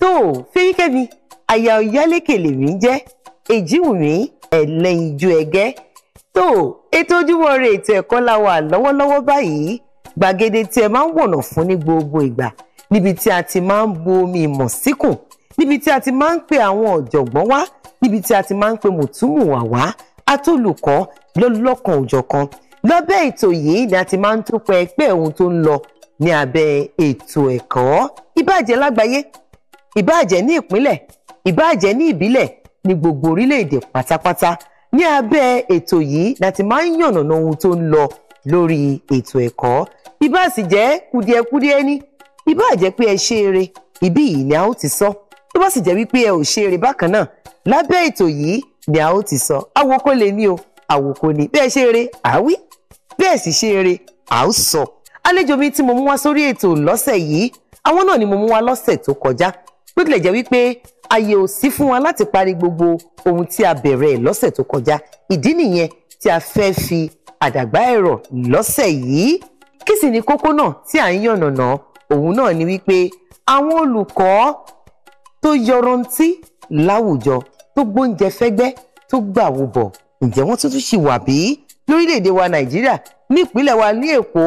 tó Fẹ́yíkẹ́mi aya Ọ̀yálékè lèmi ń jẹ́ Èjìwùmí ẹlẹ́yinjú ẹ̀gẹ́ tó ètò Ojúmọ́ Ire ètò ẹ̀kọ́ la wà lọ́wọ́lọ́wọ́ báyìí gbàgede tí ẹ máa ń wọ̀nà fún ní gbogbo ìgbà níbi tí a ti máa ń bu omi ìmọ̀ síkùn níbi tí a ti máa ń pe àwọn ọ̀jọ̀gbọ́n wá níbi tí a ti máa ń pe mùtúmùwà wá atólùkọ́ lọ́lọ́kan òjọ̀kan lábẹ́ ètò yìí ni a ti máa ń tún pẹ́ pé ohun tó ń lọ ní abẹ́ ètò ẹ̀kọ́ ìbàjẹ́ lágbàáyé ìbáàjẹ́ ní ìpínlẹ̀ ìbáàjẹ́ ní ìbílẹ̀ ní gbogbo orílẹ̀-èdè pátápátá ní abẹ́ ètò yìí láti máa ń yànnàná ohun tó ń lọ lórí ètò ẹ̀kọ́ ìbáà sì jẹ́ kùdìẹ̀kùdìẹ̀ pé ẹ ṣe eré ibí yìí ni a ó ti sọ tó bá sì jẹ́ wípé ẹ ò ṣe eré bákan náà lábẹ́ ètò yìí ni a ó ti sọ àwòkọ lè ní o àwòkọ ni bẹ́ẹ̀ ṣe eré àwí bẹ́ẹ̀ sì ṣe eré à ó sọ àlejò mi tí mo mú wá sórí ètò lọ́sẹ̀ yìí àwọn náà ni mo mú wá lọ́sẹ̀ tó kọjá bó tilẹ̀ jẹ́ wípé àyè ò sí fún wa láti parí gbogbo ohun tí a bẹ̀rẹ̀ lọ́sẹ̀ tó kọjá ìdí nìyẹn tí a fẹ́ fi àdàgbà ẹ̀rọ lọ́sẹ̀ yìí kí sì ni kókó náà tí à ń yànnàná òun náà ni wípé àwọn olùkọ́ tó yọrantí láwùjọ tó gbóúnjẹ fẹ́gbẹ́ tó gbà wò bọ̀ ǹjẹ́ wọ́n tuntun ṣì wà bí lórílẹ̀‐èdè wa nàìjíríà ní ìpínlẹ̀ wa ní èkó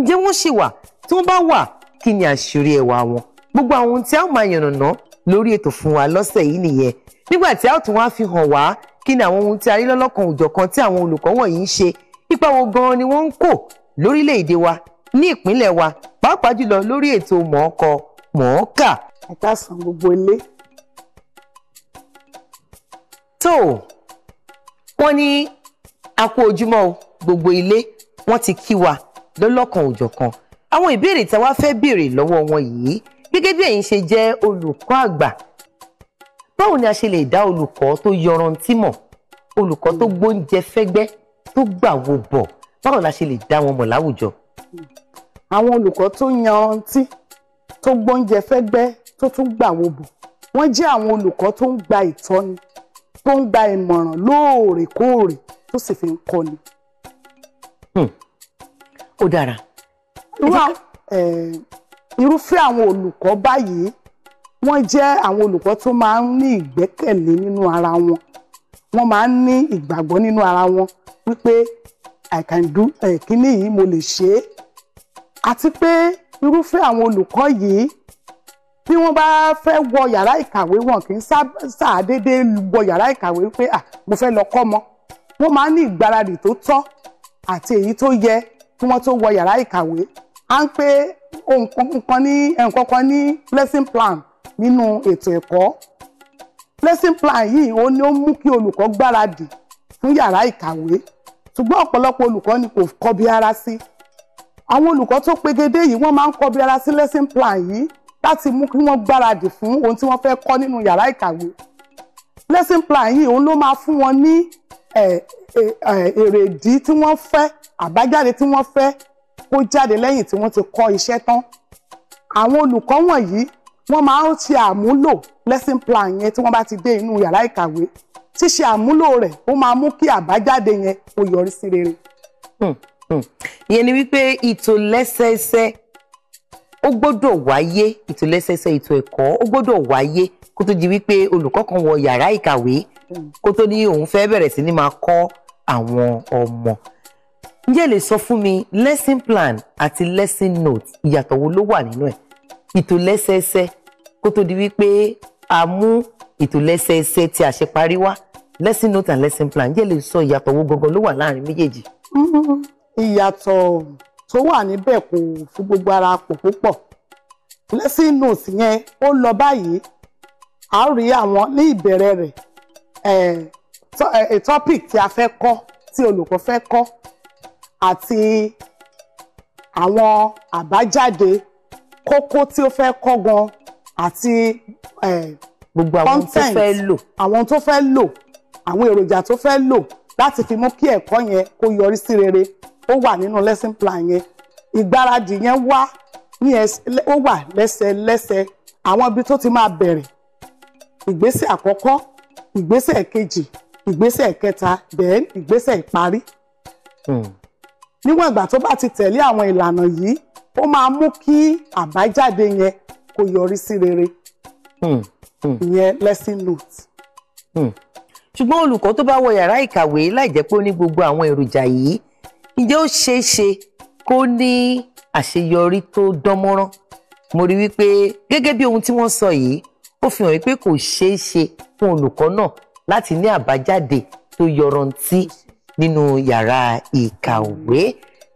ǹjẹ́ wọ́n ṣì wà tí wọ́n bá wà kí ni àṣírí ẹwà wọn gbogbo àwọn ohun tí a ó máa yànnàná lórí ètò fún wa lọ́sẹ̀ yìí nìyẹn nígbà tí a ó tún wá fi hàn wá kí ni àwọn ohun tí a rí lọ́lọ́kan òjọ̀kan tí àwọn olùkọ́ wọ̀nyí ń ṣe ipa wo gan-an ni wọ́n ń kó lórílẹ̀‐èdè wa ní ìpínlẹ̀ wa pàápàá jùlọ lórí ètò mọ̀ọ́kọ mọ̀ọ́kà. ẹ̀ka san gbogbo ilé. tó wọ́n ní a kú ojúmọ́ o gbogbo ilé wọ́n ti kí wa lọ́lọ́kan òjọ̀kan àwọn ìbéèrè tí a wá fẹ́ béèrè lọ́wọ́ wọn yìí gẹ́gẹ́ bí ẹ̀yin ṣe jẹ́ olùkọ́ àgbà báwo ni a ṣe lè dá olùkọ́ tó yọrantí mọ̀ olùkọ́ tó gbóúnjẹ fẹ́gbẹ́ tó gbàwò bọ̀ báwo la ṣe lè dá wọn mọ̀ láwùjọ. àwọn olùkọ́ tó yanrantí tó gbóúnjẹ fẹ́gbẹ́ tó tún gbàwò bọ̀ wọ́n jẹ́ àwọn olùkọ́ tó ń gba ìtọ́ni tó ń gba ìmọ̀ràn lóòrèkóòrè tó sì fi ń kọ́ni. Hmm. ó dára irúfẹ́ àwọn olùkọ́ báyìí wọ́n jẹ́ àwọn olùkọ́ tó máa ń ní ìgbẹ́kẹ̀lé nínú ara wọn wọ́n máa ń ní ìgbàgbọ́ nínú ara wọn wípé I can do eh, kíní yìí mo lè ṣe é àti pé irúfẹ́ àwọn olùkọ́ yìí bí wọ́n bá fẹ́ wọ yàrá ìkàwé wọn kì í ṣàdédé wọ yàrá ìkàwé pé mo fẹ́ lọ kọ́ mọ́ wọ́n máa ń ní ìgbáradì tó tọ́ àti èyí tó yẹ kí wọ́n tó wọ yàrá ìkàwé à ń pé nǹkan ní nǹkan kan ní lesson plan nínú ètò ẹ̀kọ́ lesson plan yìí ó ní ó mú kí olùkọ́ gbáradì fún yàrá ìkàwé ṣùgbọ́n ọ̀pọ̀lọpọ̀ olùkọ́ ni kò kọbi ara sí àwọn olùkọ́ tó pegedé yìí wọ́n máa ń kọbi ara sí lesson plan yìí láti mú kí wọ́n gbáradì fún ohun tí wọ́n fẹ́ kọ́ nínú yàrá ìkàwé lesson plan yìí òun ló máa fún wọn ní èrèdí tí wọ́n fẹ́ àbájáde tí wọ́n fẹ́ kó jáde lẹ́yìn tí wọ́n ti kọ́ iṣẹ́ tán àwọn olùkọ́ wọ̀nyí wọ́n máa ń ṣe àmúlò lesson plan yẹn tí wọ́n bá ti dé inú yàrá ìkàwé ṣíṣe àmúlò rẹ̀ ó máa mú kí àbájáde yẹn kó yọrí sí rere. Hmm, hmm. ìyẹn ni wípé ìtòlẹ́sẹẹsẹ ó gbọ́dọ̀ wáyé ìtòlẹ́sẹẹsẹ ètò ẹ̀kọ́ ó gbọ́dọ̀ wáyé kó tó di wípé olùkọ́ kan wọ yàrá ìkàwé hmm. kó tó ní òun fẹ́ bẹ̀rẹ̀ sí ní máa kọ́ àwọn ọmọ ǹjẹ́ lè sọ fún mi lesson plan àti lesson note ìyàtọ̀ wo ló wà nínú ẹ̀ ìtòlẹ́sẹẹsẹ kó tó di wípé a mú ìtòlẹ́sẹẹsẹ tí a ṣe parí wá lesson note and lesson plan ǹjẹ́ lè sọ ìyàtọ̀ wo gangan ló wà láàrin méjèèjì. ìyàtọ̀ tó wà níbẹ̀ kò fi gbogbo ara pọ̀ púpọ̀ lesson note yẹn ó lọ báyìí a rí àwọn ní ìbẹ̀rẹ̀ rẹ̀ topic tí a fẹ́ kọ́ tí olùkọ́ fẹ́ kọ́ àti àwọn àbájáde kókó tí ó fẹ́ kọ́ gan àti gbogbo àwọn tó fẹ́ lò àwọn tó fẹ́ lò àwọn èròjà tó fẹ́ lò láti fi mú kí ẹ̀kọ́ yẹn kó yọrí sí rere ó wà nínú lesson plan yẹn ìgbáradì yẹn wá ní ó wà lẹ́sẹlẹ́sẹ àwọn ibi tó ti máa bẹ̀rẹ̀ ìgbésẹ̀ àkọ́kọ́ ìgbésẹ̀ kejì ìgbésẹ̀ kẹta then ìgbésẹ̀ ìparí. Hmm níwọ̀n ìgbà tó bá ti tẹ̀lé àwọn ìlànà yìí ó máa mú kí àbájáde yẹn kó yọrí sí rere hmm, hmm. ìyẹn lesson note. Hmm. ṣùgbọ́n olùkọ́ tó bá wọ yàrá ìkàwé láì jẹ́ pé ó ní gbogbo àwọn èròjà yìí ǹjẹ́ ó ṣeé ṣe kó ní àṣeyọrí tó dánmọ́rán mo rí wípé gẹ́gẹ́ bí ohun tí wọ́n sọ yìí ó fi hàn wípé kò ṣeé ṣe fún olùkọ́ náà láti ní àbájáde tó yọrantí nínú yàrá ìkàwé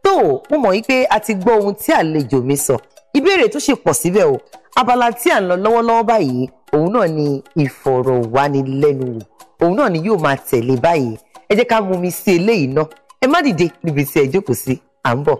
tó mo mọ̀ wípé a ti gbọ́ ohun tí àlejò mi sọ ìbéèrè tó ṣe pọ̀ síbẹ̀ o abala tí à ń lọ lọ́wọ́lọ́wọ́ báyìí òun náà ni ìfọ̀rọ̀wánilẹ́nuwò òun náà ni yóò máa tẹ̀lé báyìí ẹ jẹ́ ká mumi sí eléyìí náà ẹ má dìde níbi tí ẹ jókòó sí à ń bọ̀.